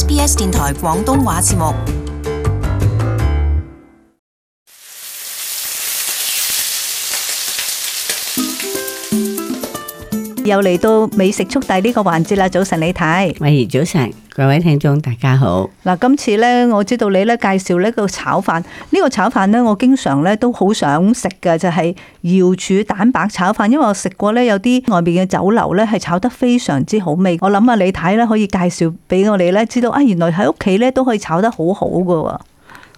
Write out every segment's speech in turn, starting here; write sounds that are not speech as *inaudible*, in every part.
SBS 電台廣東話節目，又嚟到美食速遞呢個環節啦！早晨，你睇，咪早晨。各位聽眾，大家好。嗱，今次咧，我知道你咧介紹呢個炒飯，呢、這個炒飯咧，我經常咧都好想食嘅，就係、是、瑤柱蛋白炒飯。因為我食過咧，有啲外面嘅酒樓咧，係炒得非常之好味。我諗啊，李太咧可以介紹俾我哋咧知道，啊，原來喺屋企咧都可以炒得好好噶。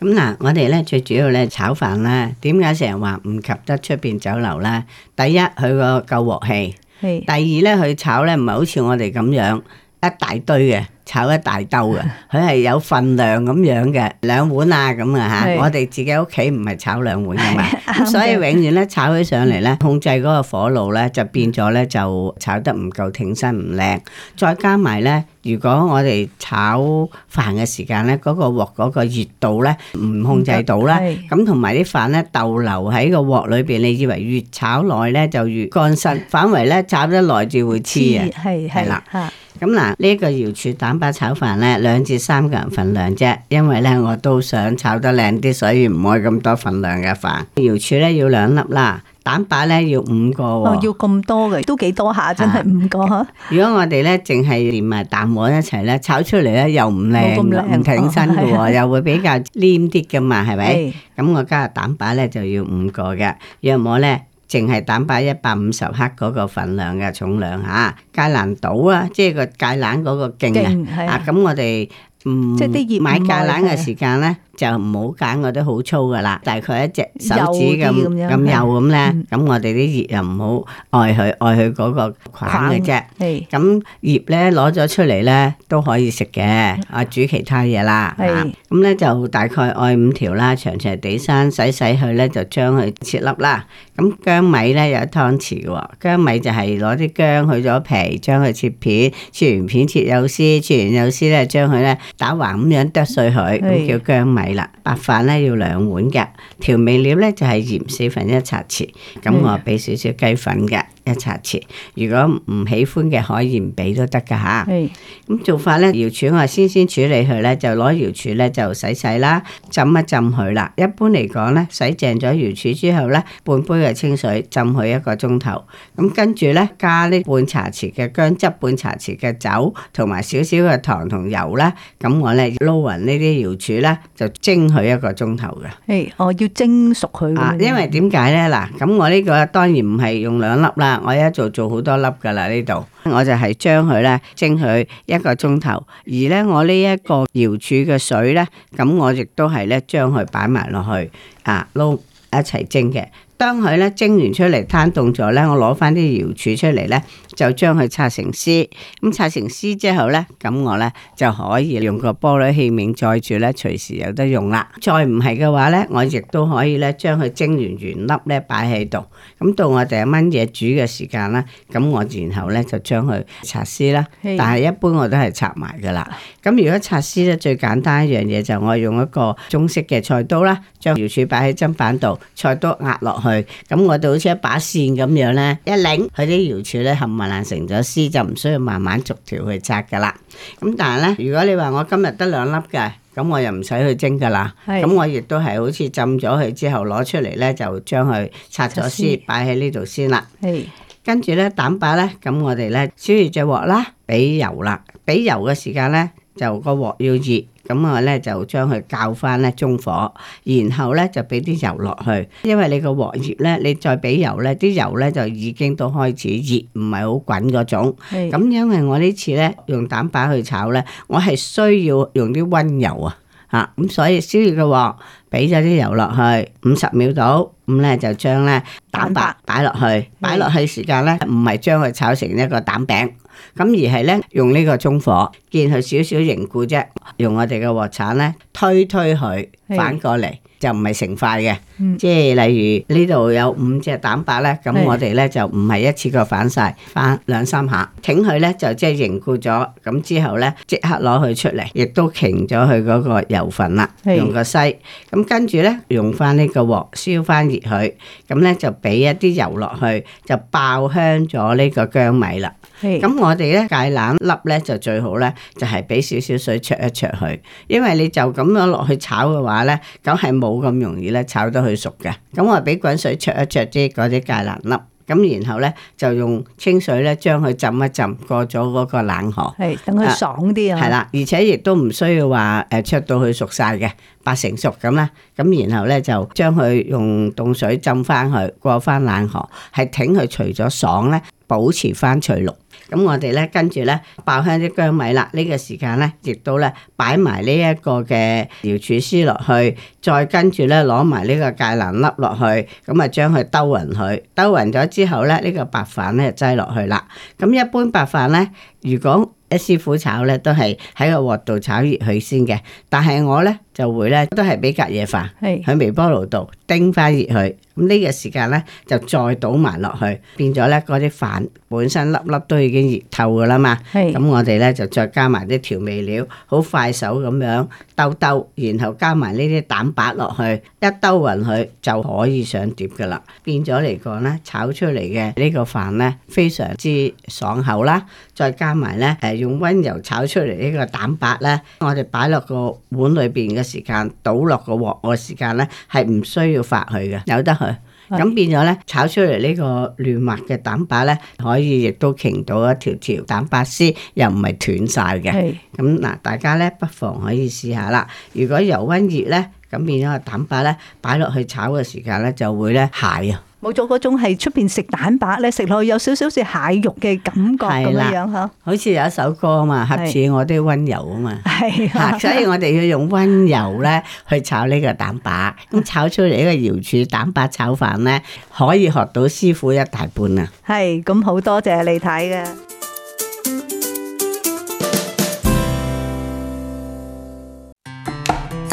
咁嗱，我哋咧最主要咧炒飯咧，點解成日話唔及得出邊酒樓咧？第一，佢個夠鑊氣；係第二咧，佢炒咧唔係好似我哋咁樣一大堆嘅。炒一大兜嘅，佢係有份量咁樣嘅，兩碗啊咁啊吓。 *laughs* 我哋自己屋企唔係炒兩碗嘅嘛， *laughs* 吧所以永遠咧炒起上嚟咧，控制嗰個火爐咧就變咗咧就炒得唔夠挺身唔靚，再加埋咧，如果我哋炒飯嘅時間咧，嗰、嗰個鑊嗰個熱度咧唔控制到啦，咁同埋啲飯咧逗留喺個鑊裏邊，你以為越炒耐咧就越乾身，反為咧炒得耐至會黐嘅，係啦吓。咁嗱，呢、嗯，這個瑤柱蛋白炒飯呢，兩至三個人份量啫。因為呢，我都想炒得靚啲，所以唔可以咁多份量嘅飯。瑤柱呢要兩粒啦，蛋白呢要五個哦。哦，要咁多嘅，都幾多下，啊、真係五個。如果我哋呢，淨係連埋蛋黃一齊呢，炒出嚟，呢又唔靚，唔挺身嘅，哦、又會比較黏啲嘅嘛，係咪？咁、哎、我加個蛋白呢就要五個嘅，約莫呢。淨係蛋白一百五十克嗰個份量嘅重量吓、啊，芥蘭島啊，即係個芥蘭嗰個莖啊，咁、啊、我哋。即係啲葉買芥蘭嘅時間咧，就唔好揀嗰啲好粗嘅啦，大概一隻手指咁咁幼咁咧。咁我哋啲葉又唔好愛佢愛佢嗰個梗嘅啫。咁葉咧攞咗出嚟咧都可以食嘅。啊，煮其他嘢啦，係咁咧就大概愛五條啦，長長地生洗洗佢咧就將佢切粒啦。咁薑米咧有一湯匙嘅喎，薑米就係攞啲薑去咗皮，將佢切片，切完片切幼絲，切完幼絲咧將佢咧。打橫咁樣剁碎佢，咁是叫薑米啦。白飯咧要兩碗嘅，調味料咧就係鹽四分一茶匙，咁我俾少少雞粉嘅。一茶匙，如果唔喜歡嘅可以唔俾都得㗎吓，咁是做法呢，瑤柱我先先處理佢呢，就攞瑤柱呢就洗洗啦，浸一浸佢啦。一般嚟講呢，洗淨咗瑤柱之後呢，半杯嘅清水浸佢一個鐘頭。咁跟住呢，加呢半茶匙嘅薑汁、半茶匙嘅酒，同埋少少嘅糖同油啦。咁我呢，撈勻呢啲瑤柱呢，就蒸佢一個鐘頭嘅。誒，我、哦、要蒸熟佢、啊。因為點解呢？嗱，咁我呢個當然唔係用兩粒啦。我一做做好多粒噶啦，呢度，我就係將佢咧蒸佢一個鐘頭，而咧我呢一個瑤柱嘅水咧，咁我亦都係咧將佢擺埋落去啊撈一齊蒸嘅。當佢咧蒸完出嚟攤凍咗咧，我攞翻啲瑤柱出嚟咧，就將佢拆成絲。咁拆成絲之後咧，咁我咧就可以用個玻璃器皿載住咧，隨時有得用啦。再唔係嘅話咧，我亦都可以咧將佢蒸完原粒咧擺喺度。咁到我第一蚊嘢煮嘅時間啦，咁我然後咧就將佢拆絲啦。的但係一般我都係拆埋噶啦。咁如果拆絲咧，最簡單一樣嘢就我用一個中式嘅菜刀啦，將瑤柱擺喺砧板度，菜刀壓落去咁我哋好似一把線咁樣咧，一擰佢啲瑤柱咧冚唪唥成咗絲，就唔需要慢慢逐條去拆噶啦。咁但係咧，如果你話我今日得兩粒嘅，咁我又唔使去蒸噶啦。咁我亦都係好似浸咗佢之後攞出嚟咧，就將佢拆咗絲擺喺呢度先啦。係，跟住咧蛋白咧，咁我哋咧燒熱隻鑊啦，俾油啦，俾油嘅時間咧就個鑊要熱。咁我咧就將佢較返咧中火，然後咧就俾啲油落去。因為你個鑊熱咧，你再俾油咧，啲油咧就已經都開始熱，唔係好滾嗰種。咁因為我呢次咧用蛋白去炒咧，我係需要用啲温油啊，吓，咁所以燒熱個鑊，俾咗啲油落去五十秒度，咁咧就將咧蛋白擺落去，擺落去時間咧唔係將佢炒成一個蛋餅，咁而係咧用呢個中火，見佢少少凝固啫。用我哋嘅鍋鏟咧，推推佢，反過嚟的就唔係成塊嘅，嗯、即係例如呢度有五隻蛋白咧，咁我哋咧的就唔係一次過反晒，翻兩三下，整佢咧就即係凝固咗，咁之後咧即刻攞佢出嚟，亦都傾咗佢嗰個油份啦的，用個篩，咁跟住咧用翻呢個鍋燒翻熱佢，咁咧就俾一啲油落去，就爆香咗呢個薑米啦。咁是我哋咧芥蘭粒咧就最好咧，就係、是、俾少少水焯一焯佢，因為你就咁樣落去炒嘅話咧，咁係冇咁容易咧炒到佢熟嘅。咁我俾滾水焯一焯啲嗰啲芥蘭粒，咁然後咧就用清水咧將佢浸一浸，過咗嗰個冷河，係等佢爽啲啊。係啦，而且亦都唔需要話誒焯到佢熟晒嘅八成熟咁啦，咁然後咧就將佢用凍水浸翻去，過翻冷河，係挺佢除咗爽咧，保持翻翠綠。咁、嗯、我哋咧跟住咧爆香啲姜米啦，呢、這個時間咧亦都咧擺埋呢一個嘅瑤柱絲落去，再跟住咧攞埋呢個芥蘭粒落去，咁啊將佢兜勻佢，兜勻咗之後咧呢、這個白飯咧就擠落去啦。咁一般白飯咧，如果一師傅炒咧都係喺個鑊度炒熱佢先嘅，但係我咧。就會咧都係畀隔夜飯，喺是微波爐度叮翻熱佢。咁、這、呢個時間咧就再倒埋落去，變咗咧嗰啲飯本身粒粒都已經熱透㗎啦嘛。咁是我哋咧就再加埋啲調味料，好快手咁樣兜兜，然後加埋呢啲蛋白落去，一兜勻佢就可以上碟㗎啦。變咗嚟講咧，炒出嚟嘅呢個飯咧非常之爽口啦。再加埋咧誒用溫油炒出嚟呢個蛋白咧，我哋擺落個碗裏邊嘅。時間倒落個鑊個時間咧係唔需要發去嘅，由得佢。咁是變咗咧炒出嚟呢個嫩滑嘅蛋白咧，可以亦都傾到一條條蛋白絲，又唔係斷晒嘅。咁嗱，大家咧不妨可以試下啦。如果油溫熱咧，咁變咗個蛋白咧擺落去炒嘅時間咧就會咧蟹啊。冇咗嗰種係出邊食蛋白咧，食落去有少少似蟹肉嘅感覺。咁的樣樣嗬，好似有一首歌啊嘛，恰似的我啲溫柔啊嘛，係的、啊，所以我哋要用溫柔咧去炒呢個蛋白，咁 *laughs* 炒出嚟呢個瑤柱蛋白炒飯咧可以學到師傅一大半啊，係，咁好多謝你睇嘅。